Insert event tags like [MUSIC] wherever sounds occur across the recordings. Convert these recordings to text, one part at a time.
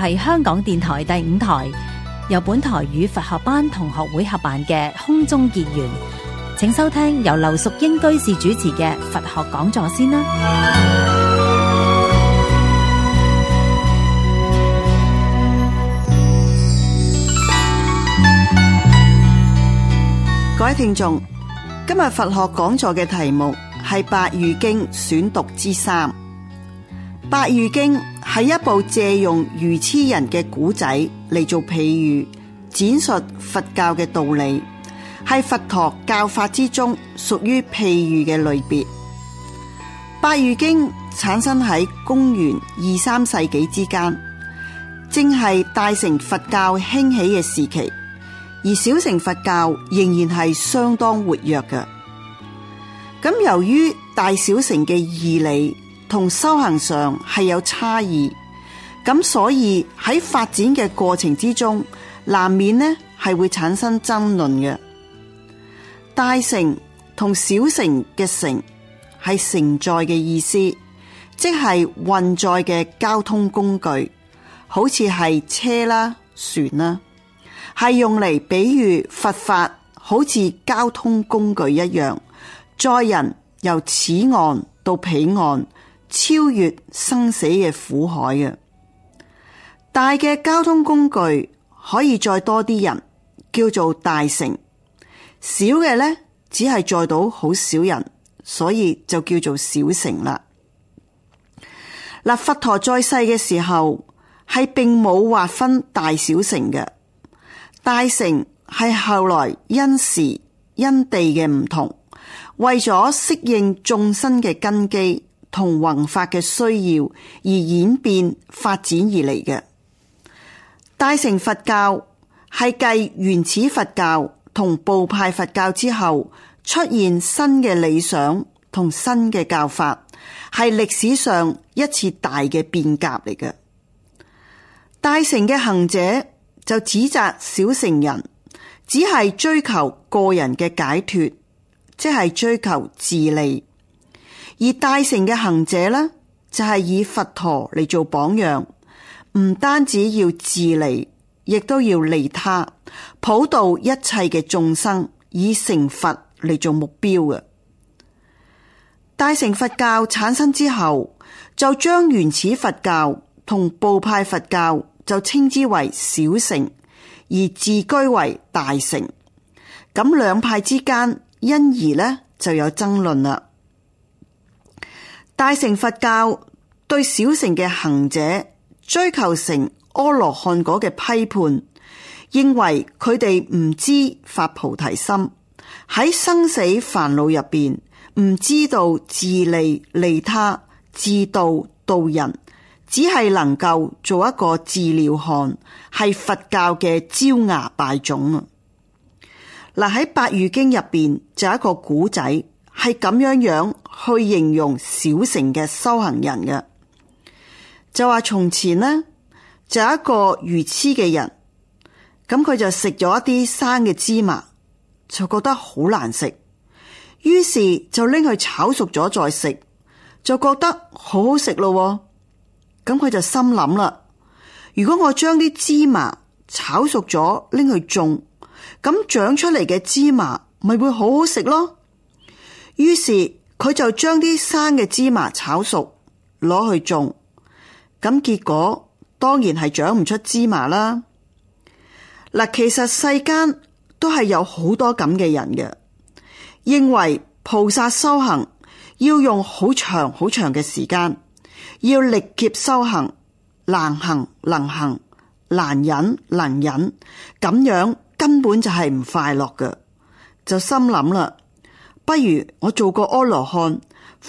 係香港電台第五台，由本台與佛學班同學會合辦嘅空中結緣，請收聽由劉淑英居士主持嘅佛學講座先啦。各位聽眾，今日佛學講座嘅題目係《百喻經》選讀之三，《百喻經》。係一部借用愚癡人嘅古仔嚟做譬喻，展述佛教嘅道理，係佛陀教法之中屬於譬喻嘅類別。《百喻經》產生喺公元二三世紀之間，正係大乘佛教興起嘅時期，而小乘佛教仍然係相當活躍嘅。咁由於大小乘嘅義理。同修行上係有差異，咁所以喺發展嘅過程之中，難免呢係會產生爭論。大乘同小乘嘅乘係承載嘅意思，即係運載嘅交通工具，好似係車啦、船啦，係用嚟比喻佛法，好似交通工具一樣載人由此岸到彼岸。超越生死嘅苦海嘅大嘅交通工具可以載多啲人，叫做大乘；小嘅咧只係載到好少人，所以就叫做小乘啦。嗱，佛陀在世嘅時候係並冇劃分大小乘嘅，大乘係後來因時因地嘅唔同，為咗適應眾生嘅根基，同弘法嘅需要而演變發展而嚟嘅。大乘佛教係繼原始佛教同部派佛教之後出現新嘅理想同新嘅教法，係歷史上一次大嘅變革嚟嘅。大乘嘅行者就指責小乘人只係追求個人嘅解脫，即係追求自利。而大乘嘅行者呢，就係、是、以佛陀嚟做榜樣，唔單止要自利，亦都要利他，普度一切嘅眾生，以成佛嚟做目標嘅。大乘佛教產生之後，就將原始佛教同部派佛教就稱之為小乘，而自居為大乘。咁兩派之間，因而呢就有爭論啦。大乘佛教對小乘嘅行者追求成阿羅漢果嘅批判，認為佢哋唔知發菩提心，喺生死煩惱入邊唔知道自利利他、自度度人，只係能夠做一個治療漢，係佛教嘅招牙敗種。嗱，喺《百喻經》入邊就有一個古仔。係咁樣樣去形容小乘嘅修行人嘅，就話從前呢就有、是、一個愚痴嘅人，咁佢就食咗一啲生嘅芝麻，就覺得好難食，於是就拎去炒熟咗再食，就覺得好好食咯。咁佢就心諗啦，如果我將啲芝麻炒熟咗拎去種，咁長出嚟嘅芝麻咪會好好食咯。於是佢就將啲生嘅芝麻炒熟，攞去種。咁結果當然係長唔出芝麻啦。嗱，其實世間都係有好多咁嘅人嘅，認為菩薩修行要用好長好長嘅時間，要歷劫修行，難行能行，難忍能忍，咁樣根本就係唔快樂嘅，就心諗啦。不如我做個阿羅漢，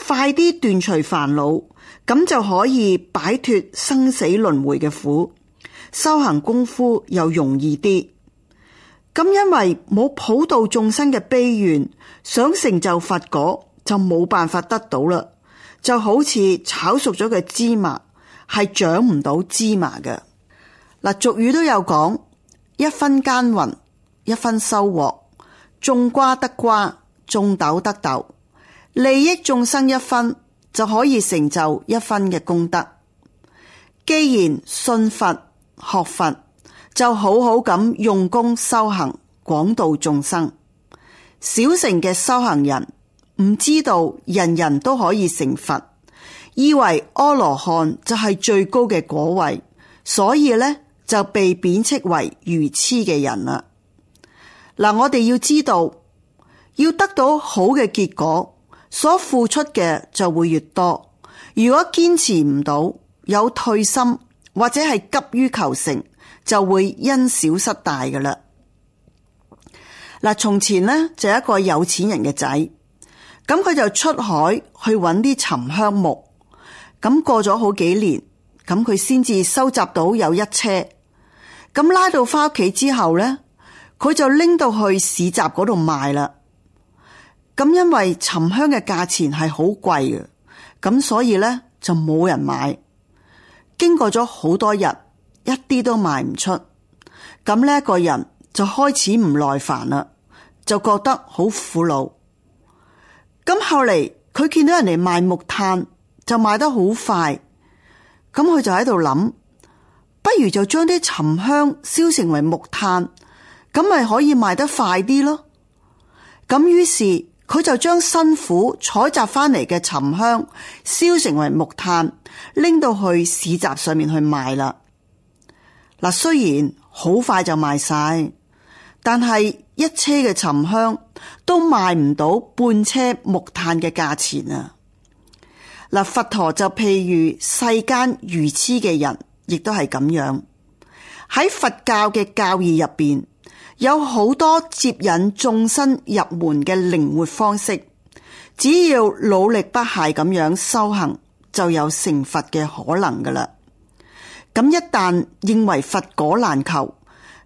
快啲斷除煩惱，咁就可以擺脫生死輪迴嘅苦，修行功夫又容易啲。咁因為冇普渡眾生嘅悲願，想成就佛果，就冇辦法得到啦。就好似炒熟咗嘅芝麻，係長唔到芝麻嘅。嗱，俗語都有講：一分耕耘一分收穫，種瓜得瓜。種豆得豆，利益眾生一分就可以成就一分嘅功德。既然信佛學佛，就好好咁用功修行，廣度眾生。小乘嘅修行人唔知道人人都可以成佛，以為阿羅漢就係最高嘅果位，所以咧就被貶斥為愚痴嘅人啦。嗱，我哋要知道。要得到好嘅結果，所付出嘅就會越多。如果堅持唔到，有退心或者係急於求成，就會因小失大噶啦。嗱，從前呢就係一個有錢人嘅仔，咁佢就出海去揾啲沉香木。咁過咗好幾年，咁佢先至收集到有一車，咁拉到翻屋企之後呢，佢就拎到去市集嗰度賣啦。咁因為沉香嘅價錢係好貴嘅，咁所以呢，就冇人買。經過咗好多日，一啲都賣唔出。咁呢一個人就開始唔耐煩啦，就覺得好苦惱。咁後嚟佢見到人哋賣木炭就賣得好快，咁佢就喺度諗，不如就將啲沉香燒成為木炭，咁咪可以賣得快啲咯。咁於是。佢就將辛苦採集返嚟嘅沉香燒成為木炭，拎到去市集上面去賣啦。嗱，雖然好快就賣晒，但係一車嘅沉香都賣唔到半車木炭嘅價錢啊！嗱，佛陀就譬如世間愚痴嘅人，亦都係咁樣喺佛教嘅教義入邊，有好多接引眾生入門嘅靈活方式，只要努力不懈咁樣修行，就有成佛嘅可能噶啦。咁一旦認為佛果難求，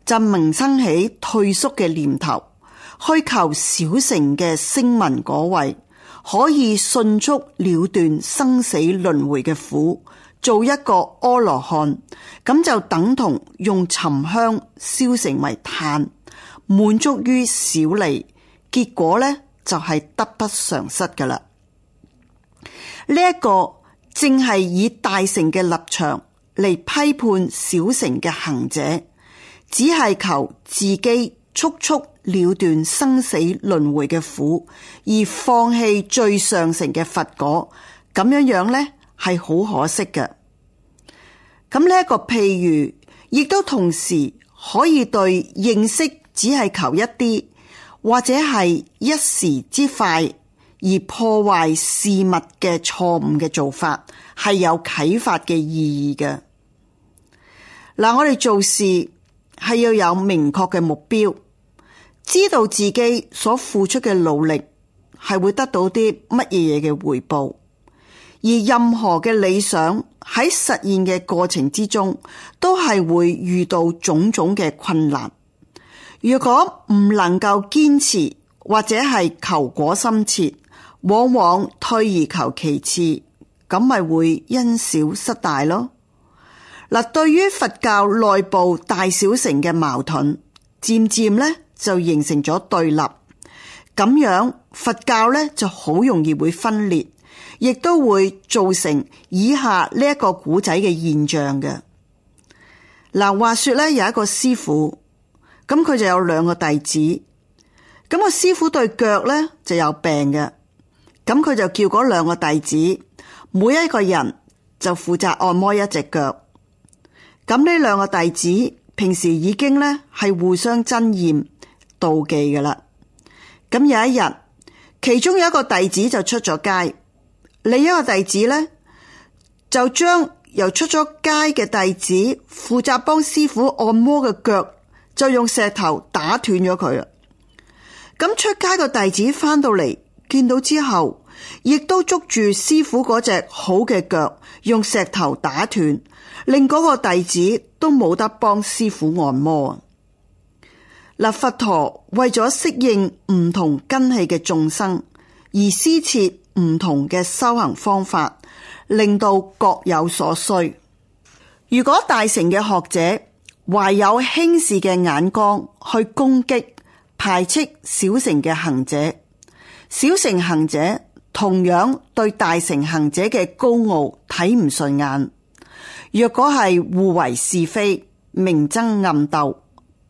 就萌生起退縮嘅念頭，去求小成嘅聲聞果位，可以迅速了斷生死輪回嘅苦，做一個阿羅漢，咁就等同用沉香燒成為炭。滿足於小利，結果呢就係得不償失㗎喇。呢、這、一個正係以大成嘅立場嚟批判小成嘅行者，只係求自己速速了斷生死輪迴嘅苦，而放棄最上乘嘅佛果，咁樣樣呢係好可惜嘅。咁呢一個譬如，亦都同時可以對認識。只係求一啲，或者係一時之快而破壞事物嘅錯誤嘅做法，係有啟發嘅意義嘅。嗱，我哋做事係要有明確嘅目標，知道自己所付出嘅努力係會得到啲乜嘢嘢嘅回報。而任何嘅理想喺實現嘅過程之中，都係會遇到種種嘅困難。如果唔能夠堅持，或者係求果心切，往往退而求其次，咁咪會因小失大咯。嗱、啊，對於佛教內部大小乘嘅矛盾，漸漸咧就形成咗對立，咁樣佛教咧就好容易會分裂，亦都會造成以下呢一個古仔嘅現象嘅。嗱、啊，話說咧有一個師傅。咁佢就有兩個弟子，咁個師傅對腳咧就有病嘅，咁佢就叫嗰兩個弟子，每一個人就負責按摩一隻腳。咁呢兩個弟子平時已經咧係互相憎厭妒忌噶啦。咁有一日，其中有一個弟子就出咗街，另一個弟子咧就將由出咗街嘅弟子負責幫師傅按摩嘅腳，就用石頭打斷咗佢啦！咁出街個弟子返到嚟，見到之後，亦都捉住師傅嗰隻好嘅腳，用石頭打斷，令嗰個弟子都冇得幫師傅按摩。那佛陀為咗適應唔同根器嘅眾生，而施設唔同嘅修行方法，令到各有所需。如果大乘嘅學者，懷有輕視嘅眼光去攻擊、排斥小乘嘅行者，小乘行者同樣對大乘行者嘅高傲睇唔順眼。若果係互為是非、明爭暗鬥、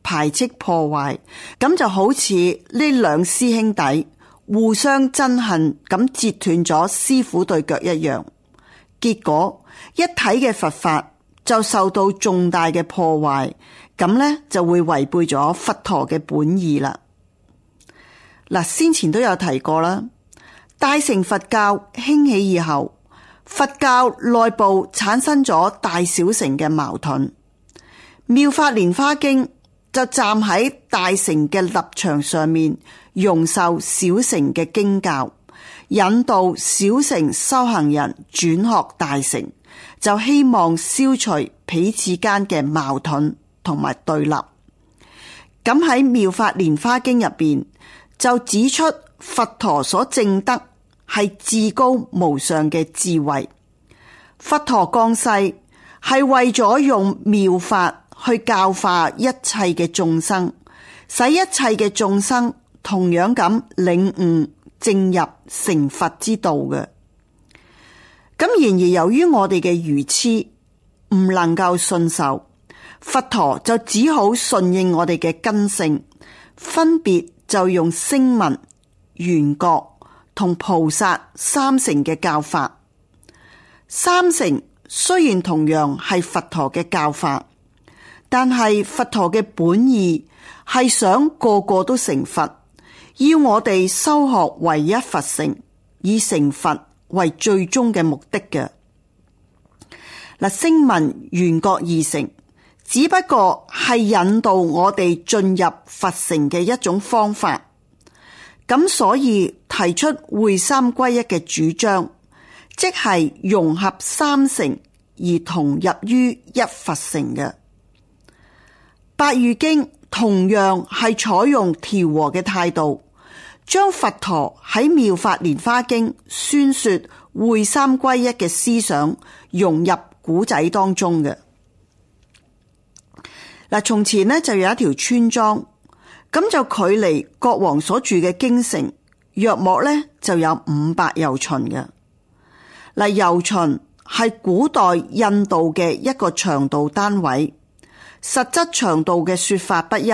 排斥破壞，咁就好似呢兩師兄弟互相憎恨，咁截斷咗師父對腳一樣。結果一體嘅佛法，就受到重大嘅破壞，咁呢就會違背咗佛陀嘅本意啦。嗱，先前都有提過啦，大乘佛教興起以後，佛教內部產生咗大小乘嘅矛盾，《妙法蓮花經》就站喺大乘嘅立場上面，容受小乘嘅經教，引導小乘修行人轉學大乘。就希望消除彼此間嘅矛盾同埋對立。咁喺《妙法蓮花經》入邊就指出，佛陀所證得係至高無上嘅智慧。佛陀降世係為咗用妙法去教化一切嘅眾生，使一切嘅眾生同樣咁領悟證入成佛之道嘅。咁然而，由於我哋嘅愚癡唔能夠信受，佛陀就只好順應我哋嘅根性，分別就用聲聞、緣覺同菩薩三乘嘅教法。三乘雖然同樣係佛陀嘅教法，但係佛陀嘅本意係想個個都成佛，要我哋修學唯一佛性以成佛。為最終嘅目的嘅嗱，聲聞緣覺二乘，只不過係引導我哋進入佛乘嘅一種方法，咁所以提出會三歸一嘅主張，即係融合三乘而同入於一佛乘嘅《百喻經》，同樣係採用調和嘅態度。將佛陀喺《妙法蓮花經》宣說會三歸一嘅思想融入古仔當中嘅嗱，從前呢就有一條村莊，咁就距離國王所住嘅京城約莫呢就有五百由旬嘅嗱，由旬係古代印度嘅一個長度單位，實質長度嘅說法不一。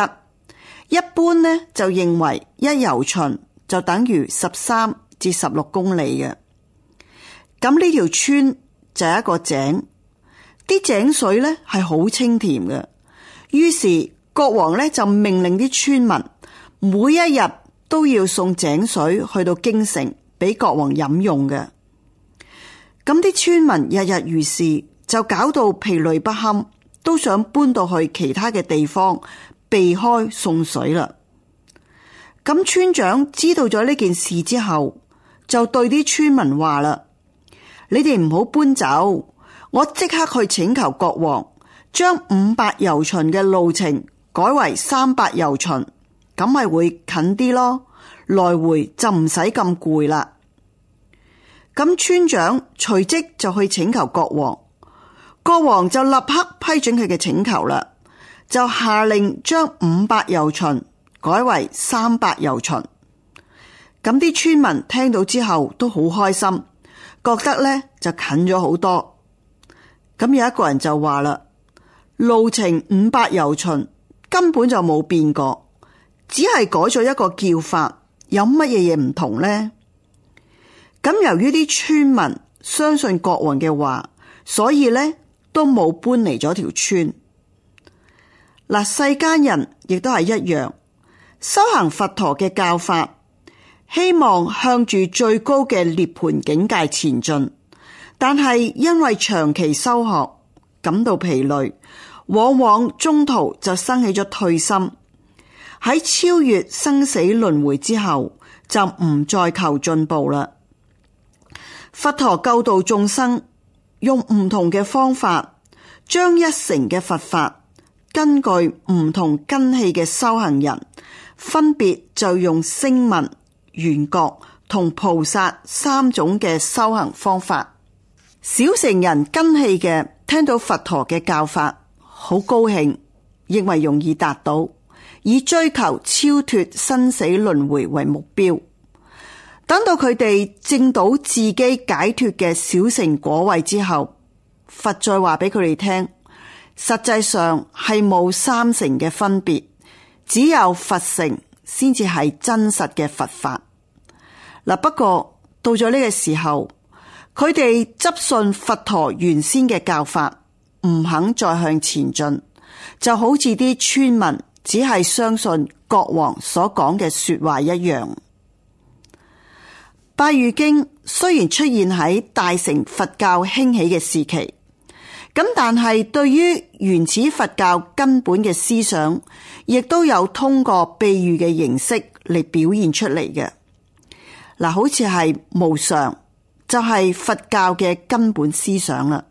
一般呢，就認為一由旬就等於十三至十六公里嘅。咁呢條村就係一個井，啲井水呢係好清甜嘅。於是國王呢，就命令啲村民每一日都要送井水去到京城俾國王飲用嘅。咁啲村民日日如是，就搞到疲累不堪，都想搬到去其他嘅地方。避開送水啦。咁村長知道咗呢件事之後，就對啲村民話啦：你哋唔好搬走，我即刻去請求國王將五百由旬嘅路程改為三百由旬，咁咪會近啲咯，來回就唔使咁攰啦。咁村長隨即就去請求國王，國王就立刻批准佢嘅請求啦。就下令將五百由旬改為三百由旬，咁啲村民聽到之後都好開心，覺得呢就近咗好多。咁有一個人就話啦，路程五百由旬根本就冇變過，只係改咗一個叫法，有乜嘢嘢唔同呢？咁由於啲村民相信國王嘅話，所以呢都冇搬嚟咗條村。嗱，世間人亦都係一樣，修行佛陀嘅教法，希望向住最高嘅涅槃境界前進。但係因為長期修學感到疲累，往往中途就生起咗退心。喺超越生死輪回之後，就唔再求進步啦。佛陀救度眾生，用唔同嘅方法，將一成嘅佛法。根據唔同根器嘅修行人，分別就用聲聞、緣覺同菩薩三種嘅修行方法。小乘人根器嘅聽到佛陀嘅教法，好高興，認為容易達到，以追求超脫生死輪迴為目標。等到佢哋證到自己解脫嘅小乘果位之後，佛再話俾佢哋聽。實際上係冇三乘嘅分別，只有佛乘先至係真實嘅佛法。嗱，不過到咗呢個時候，佢哋執信佛陀原先嘅教法，唔肯再向前進，就好似啲村民只係相信國王所講嘅說話一樣。《般若經》雖然出現喺大乘佛教興起嘅時期。咁但係對於原始佛教根本嘅思想，亦都有通過比喻嘅形式嚟表現出嚟嘅。嗱，好似係無常，就係佛教嘅根本思想啦。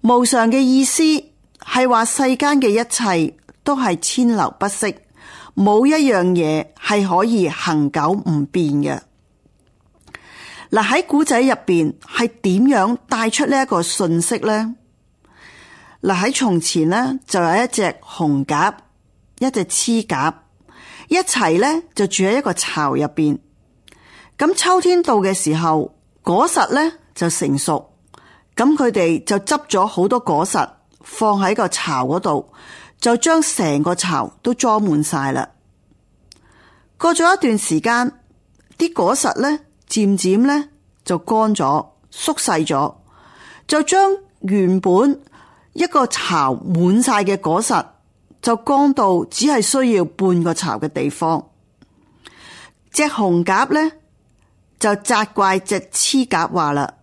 無常嘅意思係話世間嘅一切都係遷流不息，冇一樣嘢係可以恒久唔變嘅。嗱，喺古仔入邊係點樣帶出呢一個信息呢？嗱，喺從前呢，就有一隻雄鴿，一隻雌鴿一齊呢，就住喺一個巢入邊。咁、嗯、秋天到嘅時候，果實呢就成熟，咁佢哋就執咗好多果實放喺個巢嗰度，就將成個巢都裝滿晒啦。過咗一段時間，啲果實呢漸漸呢，就乾咗，縮細咗，就將原本。一個巢滿晒嘅果實，就乾到只係需要半個巢嘅地方。隻紅鴿呢，就責怪隻雌鴿話啦：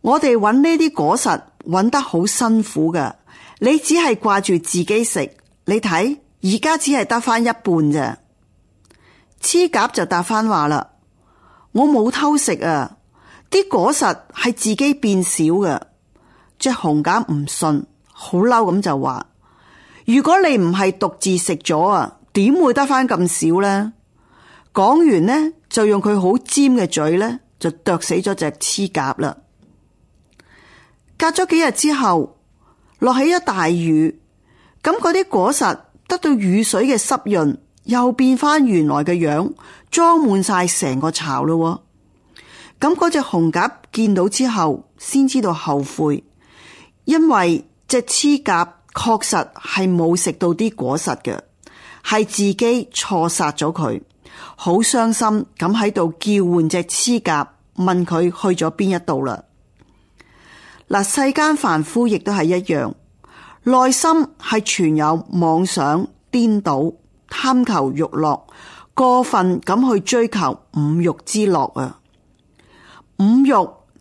我哋揾呢啲果實揾得好辛苦噶，你只係掛住自己食，你睇而家只係得翻一半咋？雌鴿就答翻話啦：我冇偷食啊，啲果實係自己變少噶。隻紅鴿唔信，好嬲咁就話：如果你唔係獨自食咗啊，點會得翻咁少呢？講完呢，就用佢好尖嘅嘴咧，就剁死咗隻黐鴿啦。隔咗幾日之後，落起一大雨，咁嗰啲果實得到雨水嘅濕潤，又變翻原來嘅樣，裝滿晒成個巢咯。咁嗰隻紅鴿見到之後，先知道後悔。因為隻雌鴿確實係冇食到啲果實嘅，係自己錯殺咗佢，好傷心咁喺度叫喚隻雌鴿，問佢去咗邊一度啦。嗱，世間凡夫亦都係一樣，內心係存有妄想顛倒，貪求欲樂，過分咁去追求五欲之樂啊，五欲。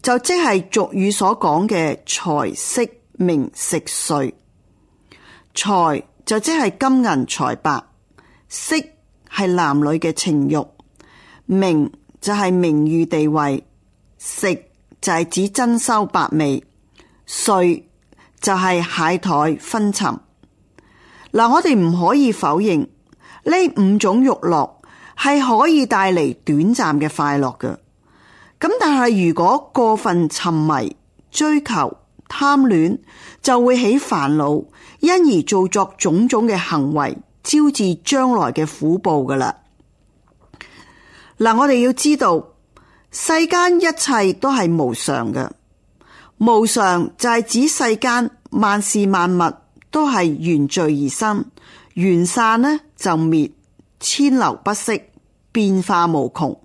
就即係俗語所講嘅財色名食睡。財就即係金銀財帛，色係男女嘅情欲，名就係名譽地位，食就係指珍饈百味，睡就係蟹台分層。嗱，我哋唔可以否認呢五種欲樂係可以帶嚟短暫嘅快樂嘅。咁但係如果過分沉迷、追求、貪戀，就會起煩惱，因而做作種種嘅行為，招致將來嘅苦報㗎喇。嗱，我哋要知道，世間一切都係無常嘅，無常就係指世間萬事萬物都係緣聚而生，緣散呢就滅，千流不息。變化無窮，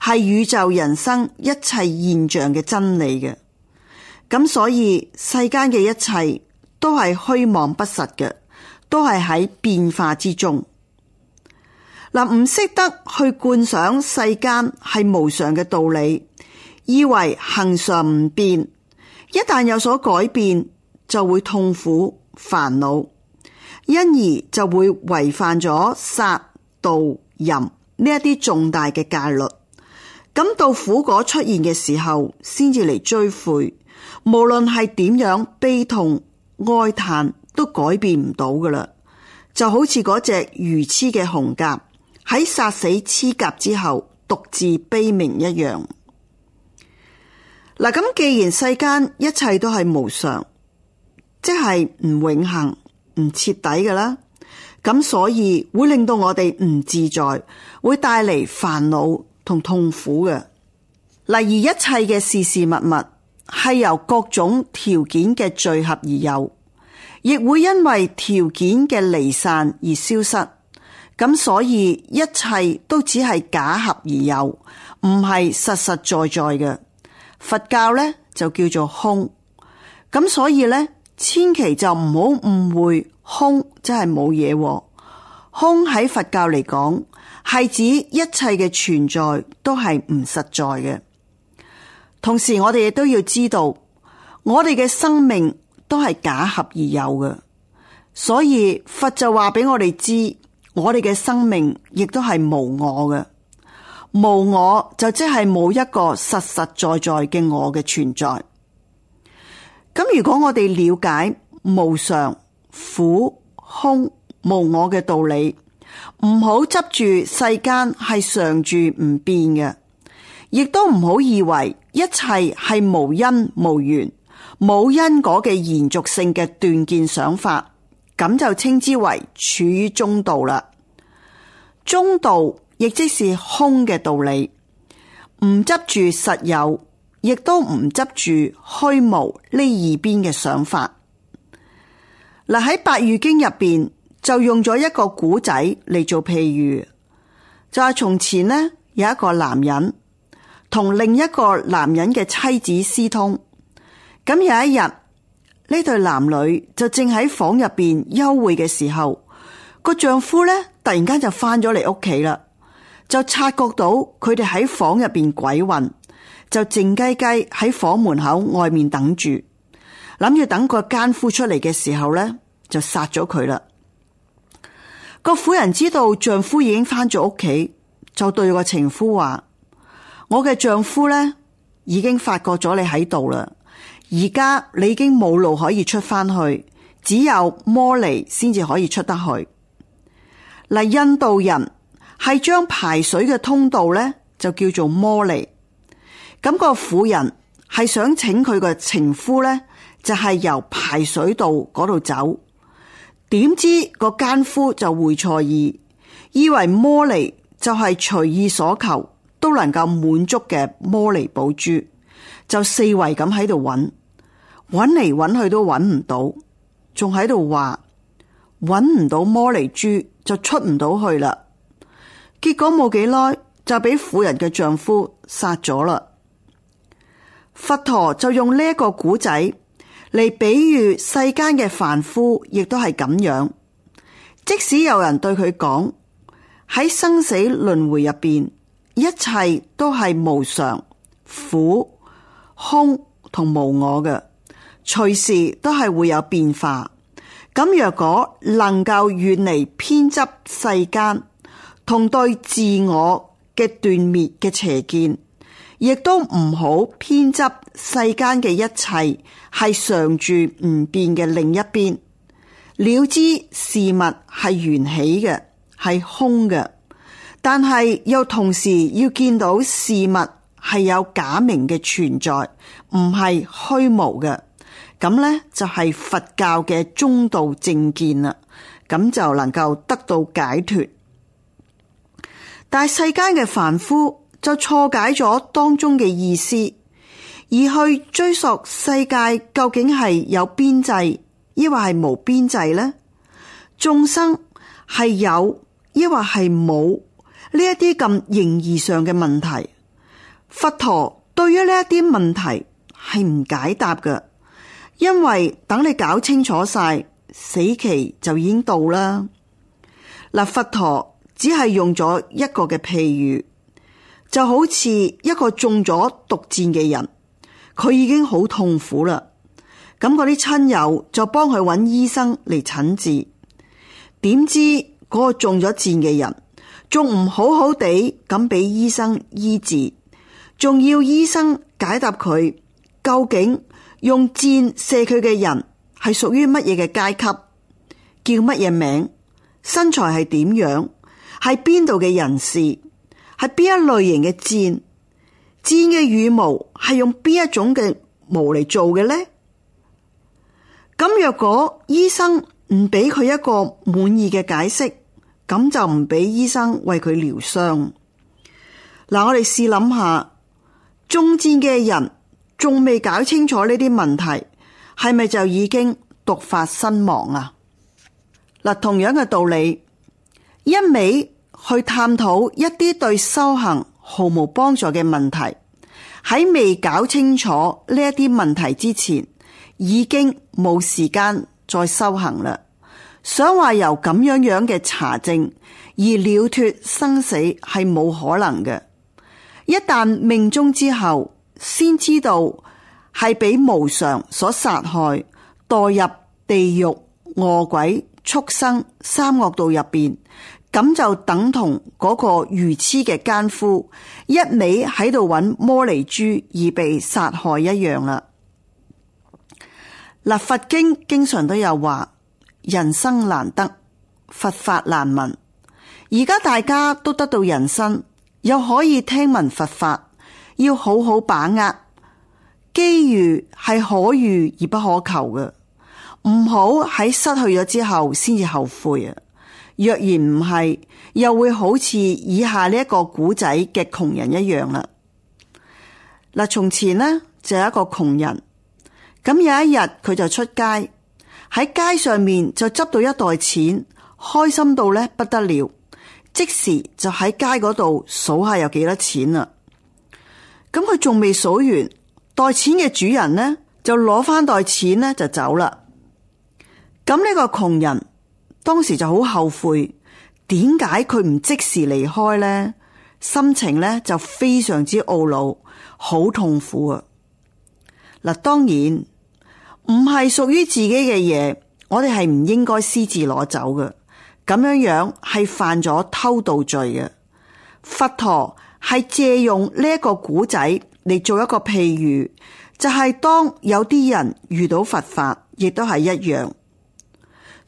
係宇宙人生一切現象嘅真理嘅咁，所以世間嘅一切都係虛妄不實嘅，都係喺變化之中嗱。唔識得去觀想世間係無常嘅道理，以為恒常唔變，一旦有所改變就會痛苦煩惱，因而就會違反咗殺盜淫。呢一啲重大嘅戒律，咁到苦果出現嘅時候，先至嚟追悔。無論係點樣悲痛哀嘆，都改變唔到噶啦。就好似嗰隻愚癡嘅雄鴿，喺殺死雌鴿之後，獨自悲鳴一樣。嗱，咁既然世間一切都係無常，即係唔永恒、唔徹底噶啦。咁所以會令到我哋唔自在，會帶嚟煩惱同痛苦嘅。例如一切嘅事事物物係由各種條件嘅聚合而有，亦會因為條件嘅離散而消失。咁所以一切都只係假合而有，唔係實實在在嘅。佛教呢就叫做空。咁所以呢，千祈就唔好誤會。空即係冇嘢。空喺佛教嚟講，係指一切嘅存在都係唔實在嘅。同時，我哋亦都要知道，我哋嘅生命都係假合而有嘅。所以佛就話俾我哋知，我哋嘅生命亦都係無我嘅。無我就即係冇一個實實在在嘅我嘅存在。咁如果我哋了解無常。苦空無我嘅道理，唔好執住世間係常住唔變嘅，亦都唔好以為一切係無因無緣、冇因果嘅延續性嘅斷見想法，咁就稱之為處於中道啦。中道亦即是空嘅道理，唔執住實有，亦都唔執住虛無呢二邊嘅想法。嗱喺《百喻經》入邊就用咗一個古仔嚟做譬喻，就話從前呢，有一個男人同另一個男人嘅妻子私通，咁有一日呢對男女就正喺房入邊幽會嘅時候，個丈夫咧突然間就翻咗嚟屋企啦，就察覺到佢哋喺房入邊鬼混，就靜雞雞喺房門口外面等住。諗住等個奸夫出嚟嘅時候呢，就殺咗佢啦。個婦人知道丈夫已經返咗屋企，就對個情夫話：我嘅丈夫呢，已經發覺咗你喺度啦，而家你已經冇路可以出返去，只有摩尼先至可以出得去。嗱，印度人係將排水嘅通道呢，就叫做摩尼。咁、那個婦人係想請佢個情夫呢。就係由排水道嗰度走，點知個奸夫就會錯意，以為摩尼就係隨意所求都能夠滿足嘅摩尼寶珠，就四圍咁喺度揾，揾嚟揾去都揾唔到，仲喺度話揾唔到摩尼珠就出唔到去啦。結果冇幾耐就俾婦人嘅丈夫殺咗啦。佛陀就用呢一個古仔。嚟比喻世間嘅凡夫，亦都係咁樣。即使有人對佢講，喺生死輪回入邊，一切都係無常、苦、空同無我嘅，隨時都係會有變化。咁若果能夠遠離偏執世間同對自我嘅斷滅嘅邪見。亦都唔好偏執世間嘅一切係常住唔變嘅另一邊，了知事物係緣起嘅，係空嘅。但係又同時要見到事物係有假名嘅存在，唔係虛無嘅。咁呢，就係佛教嘅中道正見啦。咁就能夠得到解脱。但世間嘅凡夫，就錯解咗當中嘅意思，而去追溯世界究竟係有邊際，抑或係無邊際呢？眾生係有，抑或係冇呢一啲咁形而上嘅問題？佛陀對於呢一啲問題係唔解答噶，因為等你搞清楚晒，死期就已經到啦。嗱，佛陀只係用咗一個嘅譬喻。就好似一個中咗毒箭嘅人，佢已經好痛苦啦。咁嗰啲親友就幫佢揾醫生嚟診治。點知嗰個中咗箭嘅人仲唔好好地咁俾醫生醫治，仲要醫生解答佢究竟用箭射佢嘅人係屬於乜嘢嘅階級？叫乜嘢名？身材係點樣？係邊度嘅人士？係邊一類型嘅箭？箭嘅羽毛係用邊一種嘅毛嚟做嘅呢？咁若果醫生唔俾佢一個滿意嘅解釋，咁就唔俾醫生為佢療傷。嗱，我哋試諗下，中箭嘅人仲未搞清楚呢啲問題，係咪就已經毒發身亡啊？嗱，同樣嘅道理，一味。去探討一啲對修行毫無幫助嘅問題，喺未搞清楚呢一啲問題之前，已經冇時間再修行啦。想話由咁樣樣嘅查證而了脫生死係冇可能嘅。一旦命中之後，先知道係俾無常所殺害，墮入地獄、餓鬼、畜生三惡道入邊。咁就等同嗰個愚痴嘅奸夫，一味喺度揾摩尼珠而被殺害一樣啦。嗱，佛經經常都有話：人生難得，佛法難聞。而家大家都得到人生，又可以聽聞佛法，要好好把握機遇，係可遇而不可求嘅。唔好喺失去咗之後先至後悔啊！若然唔係，又會好似以下呢一個古仔嘅窮人一樣啦。嗱，從前呢，就有一個窮人，咁有一日佢就出街，喺街上面就執到一袋錢，開心到咧不得了，即時就喺街嗰度數下有幾多錢啦。咁佢仲未數完，袋錢嘅主人呢，就攞翻袋錢呢就走啦。咁呢個窮人，當時就好後悔，點解佢唔即時離開呢？心情咧就非常之懊惱，好痛苦啊！嗱，當然唔係屬於自己嘅嘢，我哋係唔應該私自攞走嘅，咁樣樣係犯咗偷盜罪嘅。佛陀係借用呢一個古仔嚟做一個譬喻，就係、是、當有啲人遇到佛法，亦都係一樣。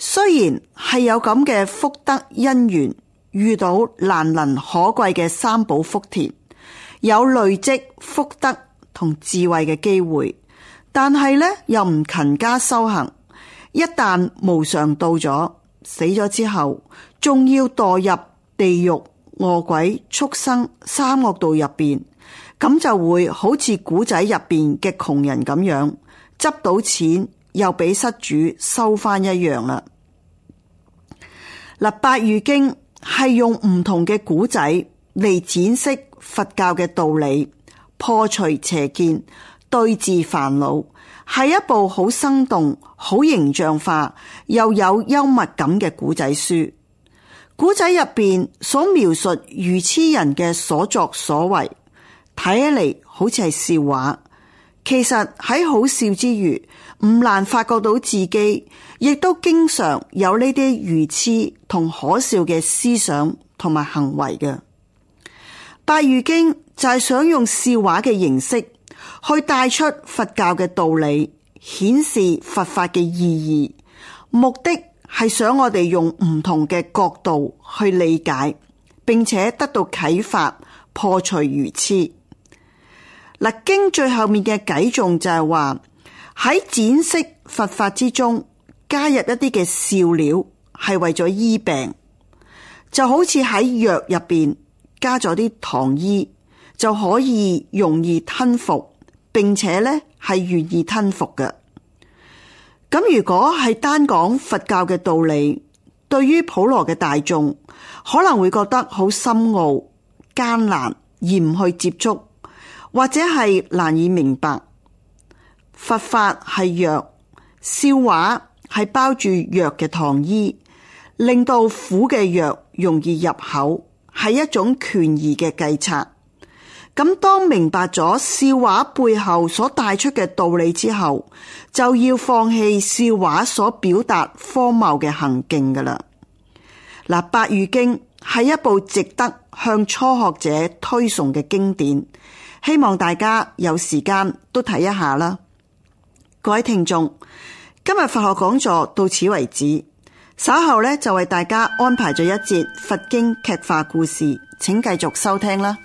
雖然係有咁嘅福德因緣，遇到難能可貴嘅三寶福田，有累積福德同智慧嘅機會，但係呢，又唔勤加修行，一旦無常到咗，死咗之後，仲要墮入地獄、餓鬼、畜生三惡道入邊，咁就會好似古仔入邊嘅窮人咁樣，執到錢又俾失主收翻一樣啦。《百喻經》係用唔同嘅古仔嚟展示佛教嘅道理，破除邪見，對治煩惱，係一部好生動、好形象化又有幽默感嘅古仔書。古仔入邊所描述愚痴人嘅所作所為，睇起嚟好似係笑話。其實喺好笑之餘，唔難發覺到自己亦都經常有呢啲愚痴同可笑嘅思想同埋行為嘅。《百喻經》就係想用笑話嘅形式去帶出佛教嘅道理，顯示佛法嘅意義，目的係想我哋用唔同嘅角度去理解，並且得到啟發，破除愚痴。嗱，經最後面嘅偈頌就係話，喺闡釋佛法之中加入一啲嘅笑料，係為咗醫病，就好似喺藥入邊加咗啲糖衣，就可以容易吞服，並且咧係願意吞服嘅。咁如果係單講佛教嘅道理，對於普羅嘅大眾，可能會覺得好深奧、艱難，而唔去接觸。或者係難以明白，佛法係藥，笑話係包住藥嘅糖衣，令到苦嘅藥容易入口，係一種權宜嘅計策。咁當明白咗笑話背後所帶出嘅道理之後，就要放棄笑話所表達荒謬嘅行徑㗎喇。嗱，《百喻經》係一部值得向初學者推崇嘅經典。希望大家有時間都睇一下啦，各位聽眾，今日佛學講座到此為止，稍後咧，就為大家安排咗一節佛經劇化故事，請繼續收聽啦。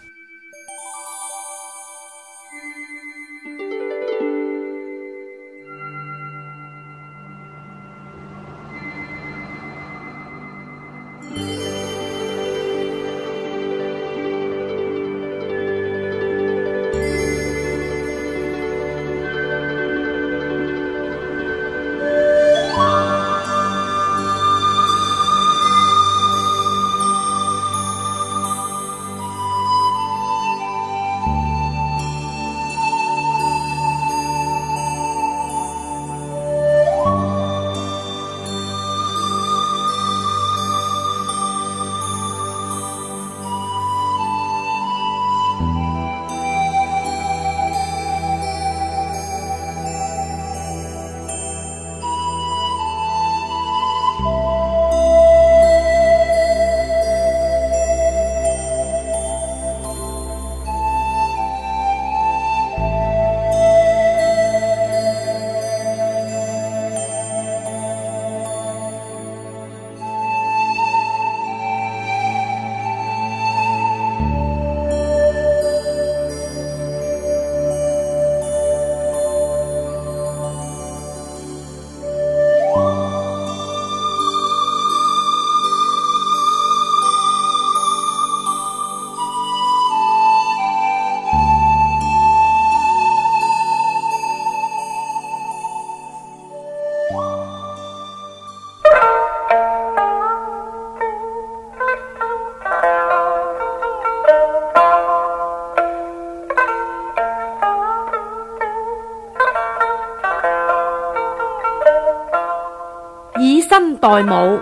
愛母，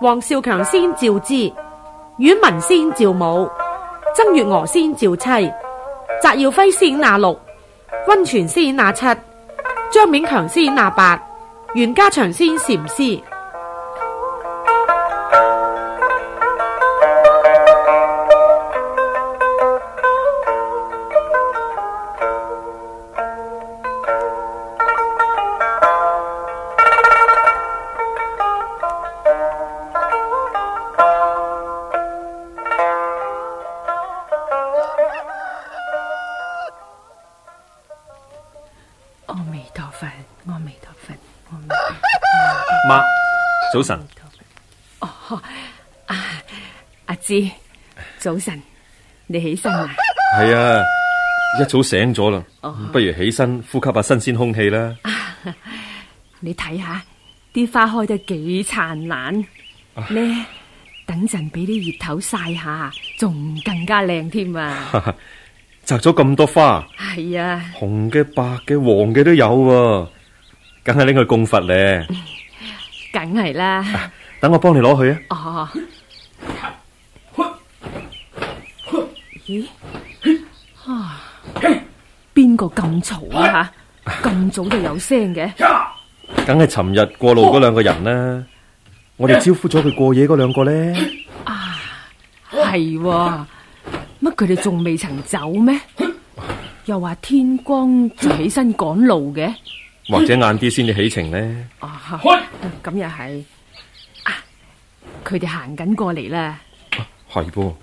黃少強先趙之，阮文先趙母，曾月娥先趙妻，翟耀輝先演那六，溫泉先演那七，張勉強先演那八，袁家祥先禪師。早晨，哦哈，阿阿芝，早晨，你起身啦？係啊，一早醒咗啦，不如起身呼吸下新鮮空氣啦。你睇下啲花開得幾燦爛，咧等陣俾啲熱頭曬下，仲更加靚添啊！摘咗咁多花，係啊，紅嘅、白嘅、黃嘅都有，梗係拎去供佛咧。梗係啦，等我幫你攞去啊！哦，咦？邊個咁嘈啊？吓，咁早就有聲嘅？梗係尋日過路嗰兩個人啦，我哋招呼咗佢過夜嗰兩個咧。啊，係喎？乜佢哋仲未曾走咩？又話天光就起身趕路嘅？或者晏啲先至起程呢。哦，咁又係。啊，佢哋行緊過嚟啦。係噃，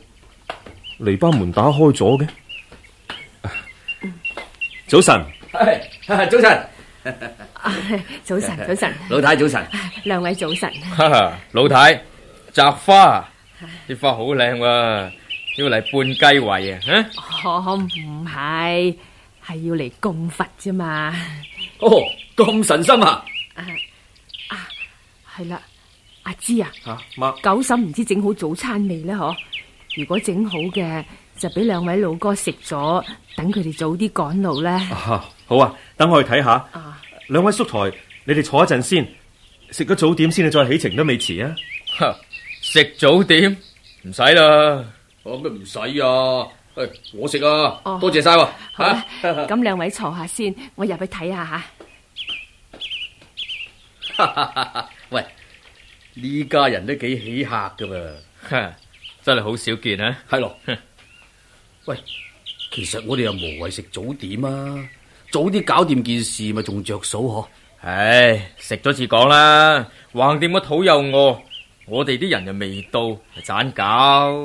籬笆門打開咗嘅。早晨。係早晨。早晨，早晨，早晨。老太早晨。兩位早晨。老太，摘花，啲花好靚喎，要嚟半雞位啊？吓？哦，唔係，係要嚟供佛啫嘛。哦。咁神心啊！啊，係啦，阿芝啊，媽，九嬸唔知整好早餐未呢？嗬，如果整好嘅，就俾兩位老哥食咗，等佢哋早啲趕路咧。好啊，等我去睇下。兩位叔台，你哋坐一陣先，食咗早點先啊，再起程都未遲啊。食早點唔使啦，我都唔使啊？我食啊，多謝晒。好啦，咁兩位坐下先，我入去睇下吓。哈哈哈！喂，呢家人都幾喜客噶噃， [LAUGHS] 真係好少見啊！係咯，喂，其實我哋又無謂食早點啊，早啲搞掂件事咪仲着數嗬、啊？唉、 [LAUGHS] 哎，食咗次講啦，橫掂我肚又餓，我哋啲人又未到，盞搞，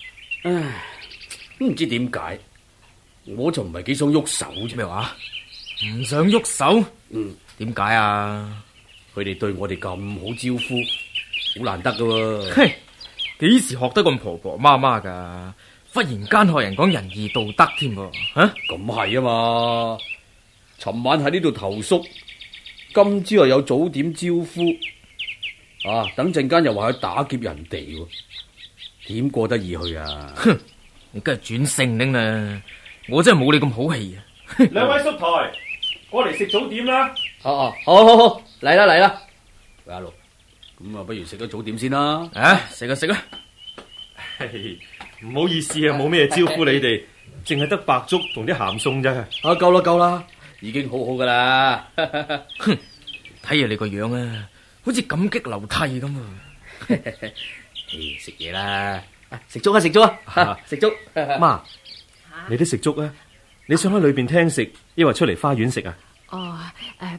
[LAUGHS] 唉，唔知點解，我就唔係幾想喐手啫，咩話，唔 [LAUGHS] 想喐手，嗯，點解啊？佢哋對我哋咁好招呼，好難得噶喎、啊。哼，幾時學得咁婆婆媽媽噶？忽然間學人講仁義道德添、啊、喎。吓、啊，咁係啊嘛。尋晚喺呢度投宿，今朝又有早點招呼，啊，等陣間又話去打劫人哋，點過得意去啊？哼，你梗係轉性啦？我真係冇你咁好氣啊！兩 [LAUGHS] 位叔台，過嚟食早點啦。啊，啊，好好好。好好好。嚟啦嚟啦，喂阿六，咁啊不如食咗早點先啦。啊，食啊食啊，唔好意思啊，冇咩招呼你哋，淨係得白粥同啲鹹餸咋。啊，夠啦夠啦，已經好好噶啦。哼，睇下你個樣啊，好似感激流涕咁啊。誒，食嘢啦，食粥啊食粥啊，食粥。媽，你都食粥啊？你想喺裏邊廳食，抑或出嚟花園食啊？哦，誒。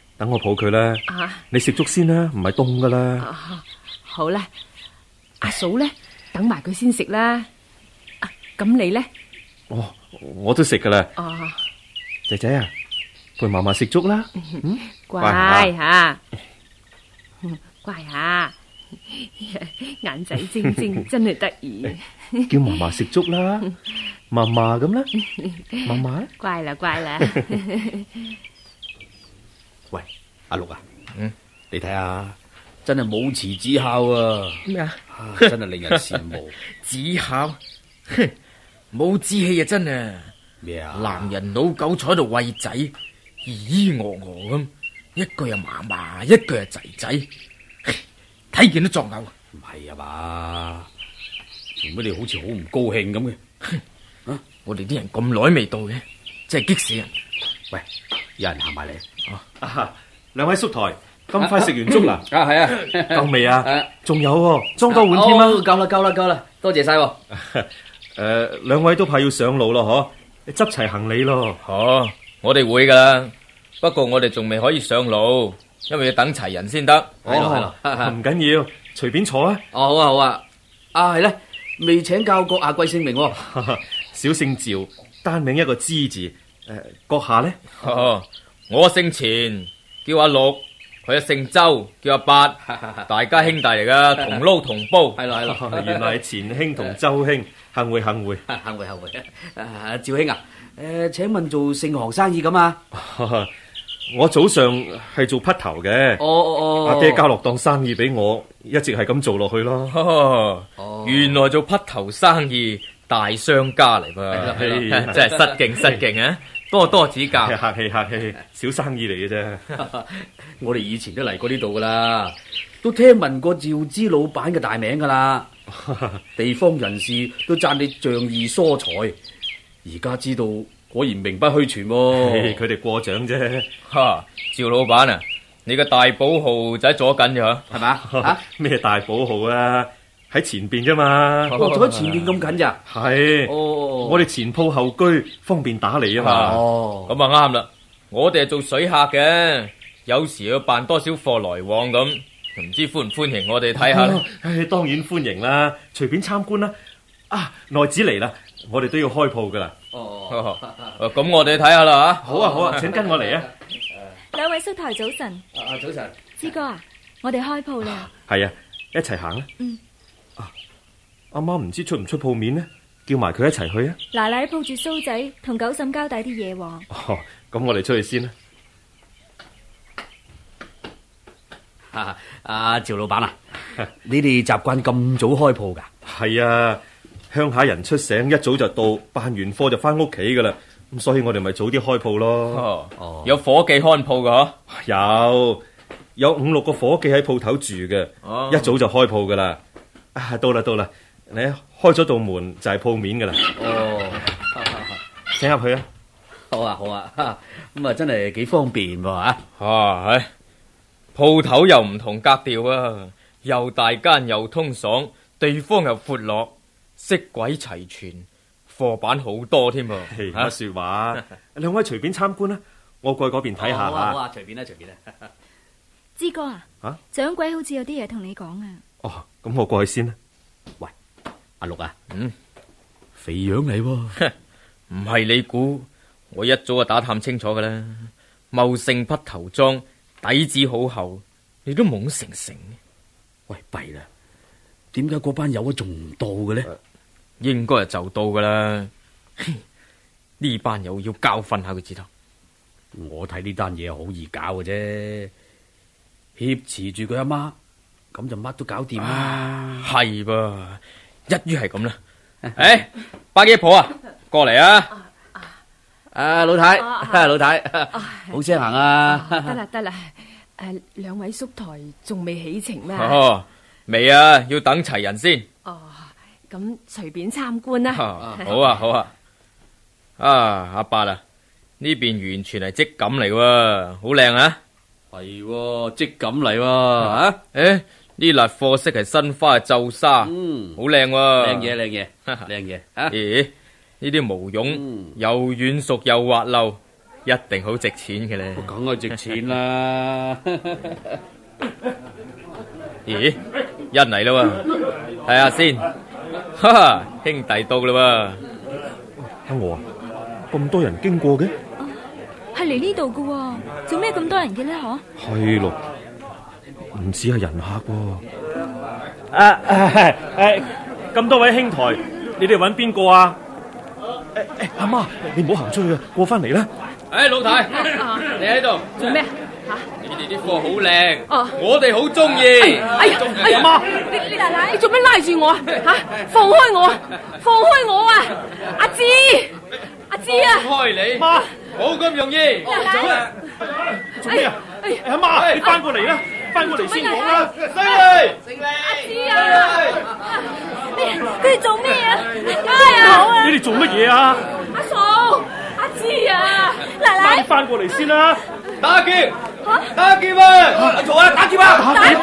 等我抱佢啦，啊，你食粥先啦，唔係凍噶啦。好啦，阿嫂咧，等埋佢先食啦。咁你咧？哦，我都食噶啦。仔仔啊，陪嫲嫲食粥啦。乖吓，乖吓，眼仔晶晶真係得意。叫嫲嫲食粥啦，嫲嫲咁啦，嫲嫲。乖啦，乖啦。喂，阿六啊，嗯，你睇下，真係母慈子孝啊！咩啊？真係令人羨慕。子孝，哼，冇志氣啊，真啊！咩啊？男人老狗坐喺度餵仔，咦咿喔喔咁，一句又麻麻，一句又仔仔，睇見都作嘔。唔係啊嘛？做咩你好似好唔高興咁嘅？啊，我哋啲人咁耐未到嘅，真係激死人！喂。有人行埋嚟，啊兩位叔台咁快食完粥啦，啊係啊，夠未啊？仲有，裝多碗添啦，夠啦夠啦夠啦，多謝晒。誒，兩位都怕要上路咯，嗬？你執齊行李咯，嗬？我哋會噶，不過我哋仲未可以上路，因為要等齊人先得。係咯係咯，唔緊要，隨便坐啊。哦，好啊好啊，啊係咧，未請教閣下貴姓名，小姓趙，單名一個知字。誒，閣下咧？ [LAUGHS] [LAUGHS] 我姓錢，叫阿六；佢啊姓周，叫阿八。 [LAUGHS] 大家兄弟嚟噶，同撈同煲。係咯係咯，原來係錢兄同周兄，幸會幸會幸會幸會。阿 [LAUGHS] 趙兄啊，誒、呃，請問做盛行生意咁啊？ [LAUGHS] 我早上係做匹頭嘅。哦哦哦！阿爹家交落當生意俾我，一直係咁做落去咯。哈哈 [LAUGHS] 原來做匹頭生意。大商家嚟噃， [LAUGHS] 真係失敬失敬啊！ [LAUGHS] 多多指教，客氣客氣，小生意嚟嘅啫。我哋以前都嚟過呢度噶啦，都聽聞過趙資老闆嘅大名噶啦， [LAUGHS] 地方人士都讚你仗義疏財，而家知道果然名不虛傳喎。佢哋 [LAUGHS] 過獎啫。哈，趙老闆啊，你個大寶號就喺左近嘅嗬，係嘛？咩 [LAUGHS] 大寶號啊？喺前邊啫嘛，我坐喺前邊咁緊咋？係，我哋前鋪後居，方便打理啊嘛。哦，咁啊啱啦。我哋係做水客嘅，有時要辦多少貨來往咁，唔知歡唔歡迎我哋睇下咧。唉，當然歡迎啦，隨便參觀啦。啊，內子嚟啦，我哋都要開鋪噶，哦啊，啦。哦，咁我哋睇下啦吓。好啊好啊，請跟我嚟啊。兩 [LAUGHS] 位叔台早晨。啊早晨。志哥啊，我哋開鋪啦。係啊，啊，一齊行啦。嗯。阿媽唔知出唔出鋪面呢？叫埋佢一齊去啊！奶奶抱住蘇仔同九嬸交代啲嘢喎。咁、哦、我哋出去先啦。阿趙老闆啊，你哋習慣咁早開鋪噶？係啊，鄉下人出城一早就到，辦完貨就翻屋企噶啦。咁所以我哋咪早啲開鋪咯。哦哦、有夥計看鋪噶？有，有五六個夥計喺鋪頭住嘅，哦、一早就開鋪噶啦。啊，到啦到啦，你開咗道門就係鋪面噶啦。哦，請入去啊。好啊好啊，咁啊真係幾方便喎吓。吓，鋪頭又唔同格調啊，又大間又通爽，地方又闊落，色鬼齊全，貨板好多添。其他說話，兩位隨便參觀啦，我過去嗰邊睇下。好啊，隨便啦隨便啦。志哥啊，掌櫃好似有啲嘢同你講啊。哦。咁我過去先啦。喂，阿六啊，嗯，肥羊嚟喎，唔係 [LAUGHS] 你估，我一早就打探清楚噶啦。茂盛不投裝，底子好厚，你都懵成成。喂，弊啦，點解嗰班友啊仲唔到嘅咧？ [LAUGHS] 應該係就到噶啦。呢班友要教訓下佢知道。我睇呢單嘢好易搞嘅啫，挾持住佢阿媽。咁就乜都搞掂啦，係噃，一於係咁啦。誒，八姐婆啊，過嚟啊！啊，老太，都係老太，好車行啊！得啦得啦，誒，兩位叔台仲未起程咩？哦，未啊，要等齊人先。哦，咁隨便參觀啦。好啊好啊，啊，阿伯啊，呢邊完全係積錦嚟嘅喎，好靚啊！係，積錦嚟喎，啊，誒。呢啲貨色係新花，係皺紗，嗯，好靚喎，靚嘢，靚嘢，靚嘢吓！咦，呢啲毛絨又軟熟又滑溜，一定好值錢嘅咧，梗係值錢啦！咦，人嚟咯，睇下先，兄弟到啦，係我啊，咁多人經過嘅，係嚟呢度嘅，做咩咁多人嘅呢？吓，係咯。唔止係人客喎、啊！誒誒咁多位兄台，你哋揾邊個啊？誒、哎、誒，阿、哎、媽，你唔好行出去啊，過翻嚟啦！誒、哎、老太，啊、你喺度做咩？嚇！你哋啲貨好靚，我哋好中意。哎呀哎呀、哎、媽！你你奶奶，你做咩拉住我啊？嚇、啊！放開我，放開我啊！阿智。阿芝啊，媽，冇咁容易，阿嫂咧，做咩啊？阿媽，你翻過嚟啦，翻過嚟先講啦，犀利，阿芝啊，你你做咩啊？加油啊！你哋做乜嘢啊？阿嫂，阿芝啊，奶奶，你翻過嚟先啦，打劫，打劫啊，阿嫂啊，打劫啊，打劫，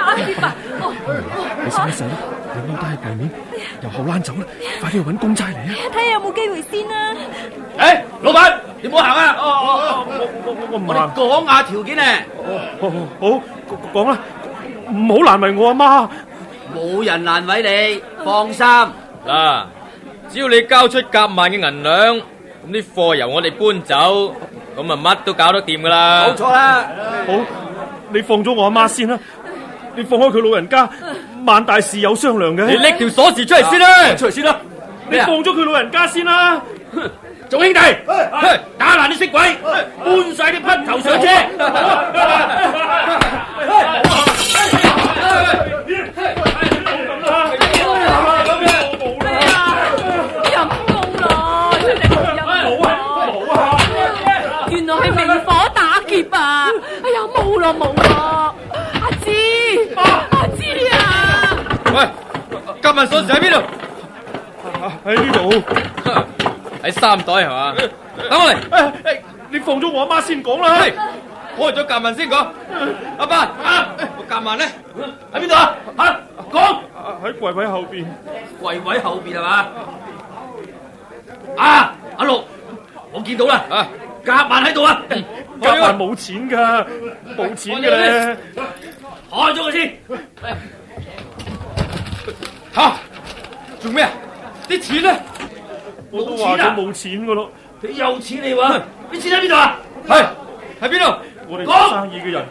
打劫啊，哦，阿嫂。我帶喺櫃面，由後欄走啦，快啲去揾公差嚟啊！睇下有冇機會先啦。誒，老闆，你唔好行啊！我我我唔走。我講下條件咧。好，好，好，講啦，唔好難為我阿媽。冇人難為你，放心。嗱，只要你交出夾萬嘅銀兩，咁啲貨由我哋搬走，咁啊乜都搞得掂噶啦。冇錯啦。好，你放咗我阿媽先啦，你放開佢老人家。萬大事有商量嘅，你拎條鎖匙出嚟先啦，出嚟先啦，你放咗佢老人家先啦，做兄弟，打爛啲色鬼，搬曬啲匹頭上車，冇啊，冇啊，原來係明火打劫啊，哎呀，冇喇，冇喇。喂，夾萬鎖匙喺邊度？喺呢度，喺衫袋係嘛？等我嚟。誒誒，你放咗我阿媽先講啦，開咗夾萬先講。阿爸，啊，我夾萬咧喺邊度啊？吓，講喺櫃位後邊。櫃位後邊係嘛？啊，阿六，我見到啦，夾萬喺度啊。夾萬冇錢噶，冇錢嘅咧，開咗佢先。吓，做咩啊？啲錢咧，我都話咗冇錢噶咯。你有錢你搵，啲錢喺邊度啊？係喺邊度？我哋講生意嘅人，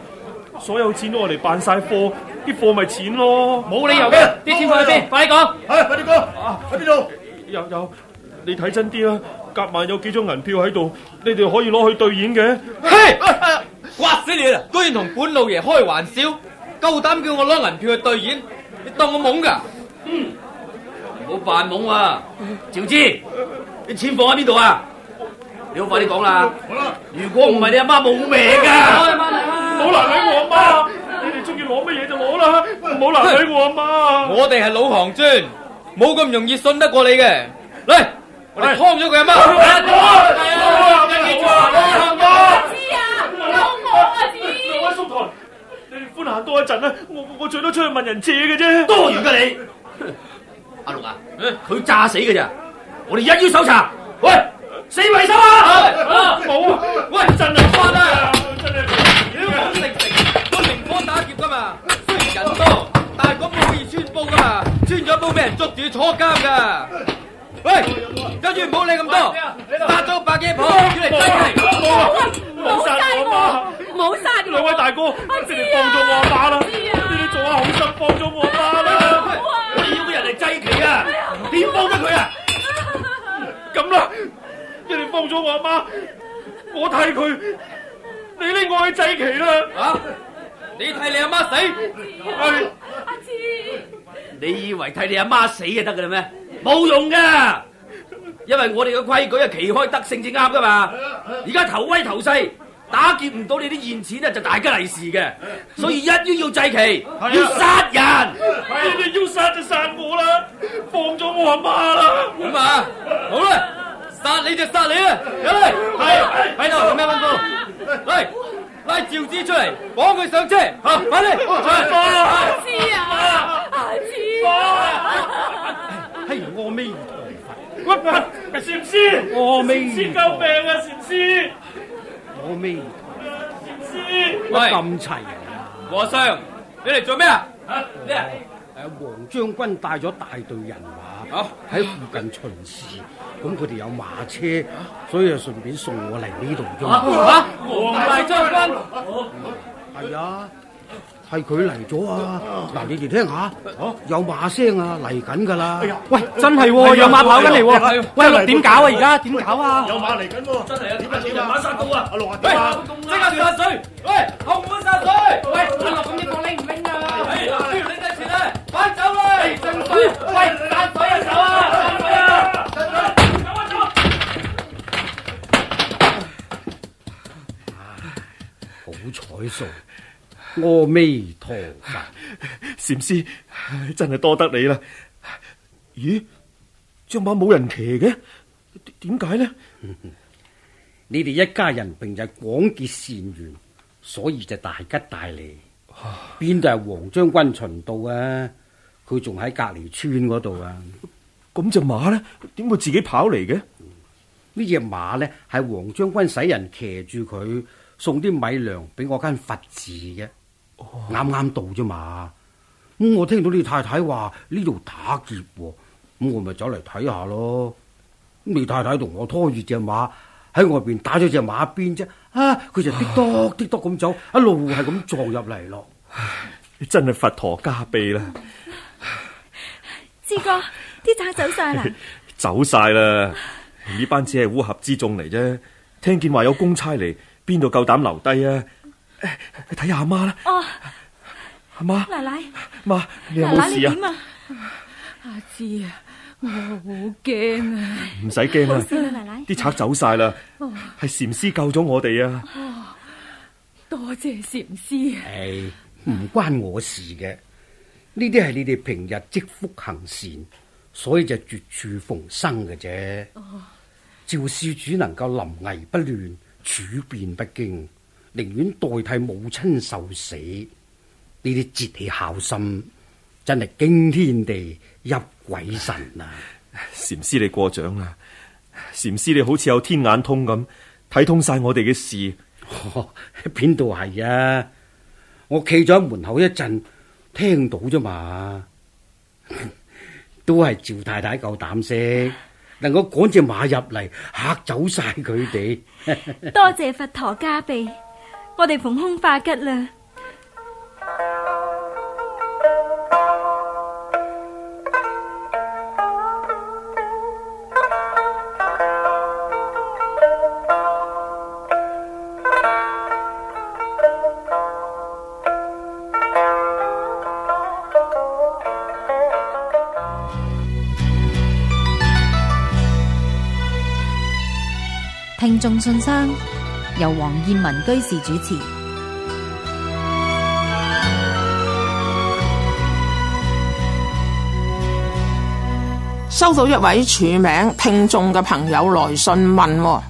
所有錢都我嚟辦晒貨，啲貨咪錢咯。冇理由嘅，啲錢放喺邊，快啲講。係快啲講。喺邊度？有有，你睇真啲啊！夾萬有幾張銀票喺度，你哋可以攞去兌現嘅。嘿，刮死你啦！居然同本老爺開玩笑，夠膽叫我攞銀票去兌現？你當我懵噶？唔好扮懵喎，趙知，你錢放喺邊度啊？你好快啲講啦！如果唔係你阿媽冇命噶，唔好難睇我阿媽，你哋中意攞乜嘢就攞啦，唔好難睇我阿媽。我哋係老行尊，冇咁容易信得過你嘅。嚟，我哋劏咗佢阿媽。多一陣啦，我我最多出去問人借嘅啫，多餘噶你。阿龍 [LAUGHS] 啊，啊，佢、欸、炸死嘅咋？我哋一於搜查，喂，四圍搜啊！冇，喂，陣頭翻啦！都明火打劫噶嘛，雖然人多，但係咁好易穿煲噶嘛，穿咗煲俾人捉住坐監㗎。啊啊喂，跟住唔好理咁多，八糟八嘢婆要嚟祭旗，冇殺我，冇殺我，兩位大哥，我請你放咗我阿媽啦，你哋做下好心放咗我阿媽啦，我要人嚟祭旗啊，點放得佢啊？咁啦，你放咗我阿媽，我替佢，你拎我去祭旗啦。吓，你替你阿媽死，阿志，你以為替你阿媽死就得噶啦咩？冇用噶，因為我哋嘅規矩係，旗開得勝先啱噶嘛。而家頭威頭勢打劫唔到你啲現錢啊，就大吉利是嘅。所以一於要祭旗，要殺人。你哋要殺就殺我啦，放咗我阿媽啦。咁啊，好啦，殺你就殺你啦。阿麗，係喺度做咩功夫？嚟，拉趙子出嚟，綁佢上車。快啲，阿子啊，阿子。嘿、哎，阿咩？乜、哎、啊？阿禪師，禪師救命啊！禪師，阿咩思？禪師，喂，咁齊啊？和尚，你嚟做咩啊？咩？誒，黃將軍帶咗大隊人馬，喺、啊、附近巡視，咁佢哋有馬車，所以就順便送我嚟呢度啫。啊，黃大將軍，係啊。嗯係佢嚟咗啊！嗱，你哋聽下，有馬聲啊，嚟緊噶啦！喂，真係，有馬跑緊嚟喎！喂，點搞啊？而家點搞啊？有馬嚟緊喎！真係啊！點啊？點啊？馬山到啊！六啊點啊？即刻調下水！喂，紅門殺水！喂，陳立，咁呢個拎唔拎啊？拎得錢啦，快走啦！喂，爛水啊手啊！爛水啊！好彩數。阿彌陀佛，禪師、啊、真係多得你啦！咦，張馬冇人騎嘅，點解呢？嗯、你哋一家人平日廣結善緣，所以就大吉大利。邊度係黃將軍巡道啊？佢仲喺隔離村嗰度啊？咁隻、啊、馬呢？點會自己跑嚟嘅？呢隻、嗯、馬呢？係黃將軍使人騎住佢送啲米糧俾我間佛寺嘅。啱啱到啫嘛，咁我聽到你太太話呢度打劫啊，咁我咪走嚟睇下咯。你太太同我拖住隻馬喺外邊打咗隻馬鞭啫，啊，佢就滴哆滴哆咁走，一路係咁撞入嚟咯。 [LAUGHS] 真係佛陀加庇啦， [LAUGHS] 志哥啲賊走晒啦， [LAUGHS] 走晒啦，呢班只係烏合之眾嚟啫，聽見話有公差嚟，邊度夠膽留低啊？去睇下阿媽啦！看看媽媽哦，阿媽，奶奶，媽，你有冇事？啊？阿志啊，我好驚啊！唔使驚啦，放心啦，奶奶，啲賊走晒啦，係禪師救咗我哋啊！多謝禪師。係唔、哎、關我事嘅，呢啲係你哋平日積福行善，所以就絕處逢生嘅啫。趙施、哦、主能夠臨危不亂，處變不驚。寧願代替母親受死，呢啲節氣孝心真係驚天地泣鬼神啊！禪師、啊、你過獎啦、啊，禪師你好似有天眼通咁，睇通晒我哋嘅事。邊度係啊？我企咗喺門口一陣，聽到啫嘛。 [LAUGHS] 都係趙太太夠膽識，能夠趕隻馬入嚟嚇走晒佢哋。 [LAUGHS] 多謝佛陀加庇。我哋逢凶化吉啦！聽眾信生。由黃燕文居士主持。收到一位署名聽眾嘅朋友來信問，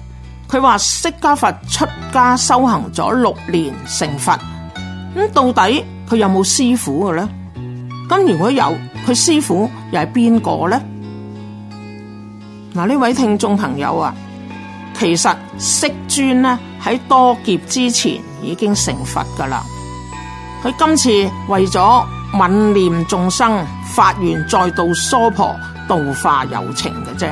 佢話釋迦佛出家修行咗六年成佛，咁到底佢有冇師傅嘅呢？咁如果有，佢師傅又係邊個呢？嗱，呢位聽眾朋友啊，其實釋尊呢。喺多劫之前已經成佛噶啦，佢今次為咗憫念眾生，發願再度娑婆度化有情嘅啫。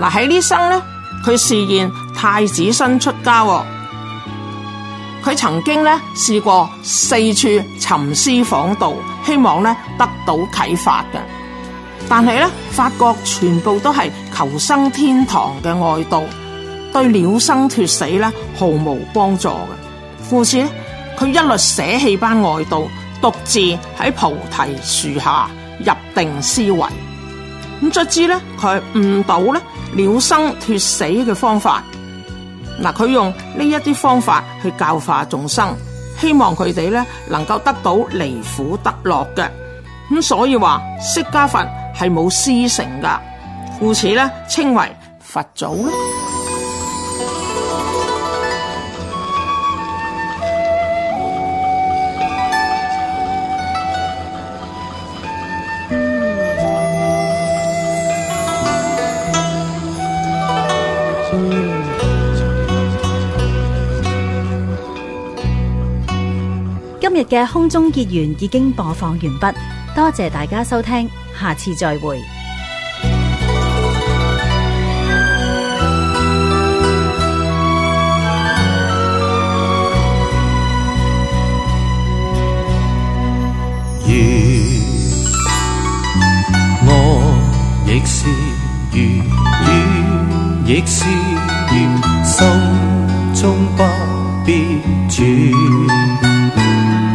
嗱喺呢生呢，佢示現太子身出家，哦，佢曾經呢試過四處尋師訪道，希望呢得到啟發嘅，但係呢，發覺全部都係求生天堂嘅外道。對了生脱死咧毫無幫助嘅，故此咧佢一律捨棄班外道，獨自喺菩提樹下入定思維，咁卒之咧佢悟到咧了生脱死嘅方法，嗱佢用呢一啲方法去教化眾生，希望佢哋咧能夠得到離苦得樂嘅，咁所以話釋迦佛係冇師承噶，故此咧稱為佛祖。嘅空中結緣已經播放完畢，多謝大家收聽，下次再會。月，亦是月，雨亦是月，心中不必轉。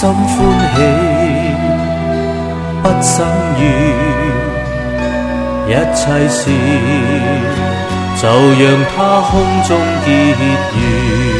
心歡喜，不心願，一切事就讓它空中結緣。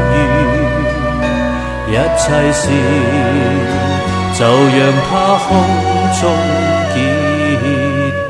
一切事，就讓它空中結。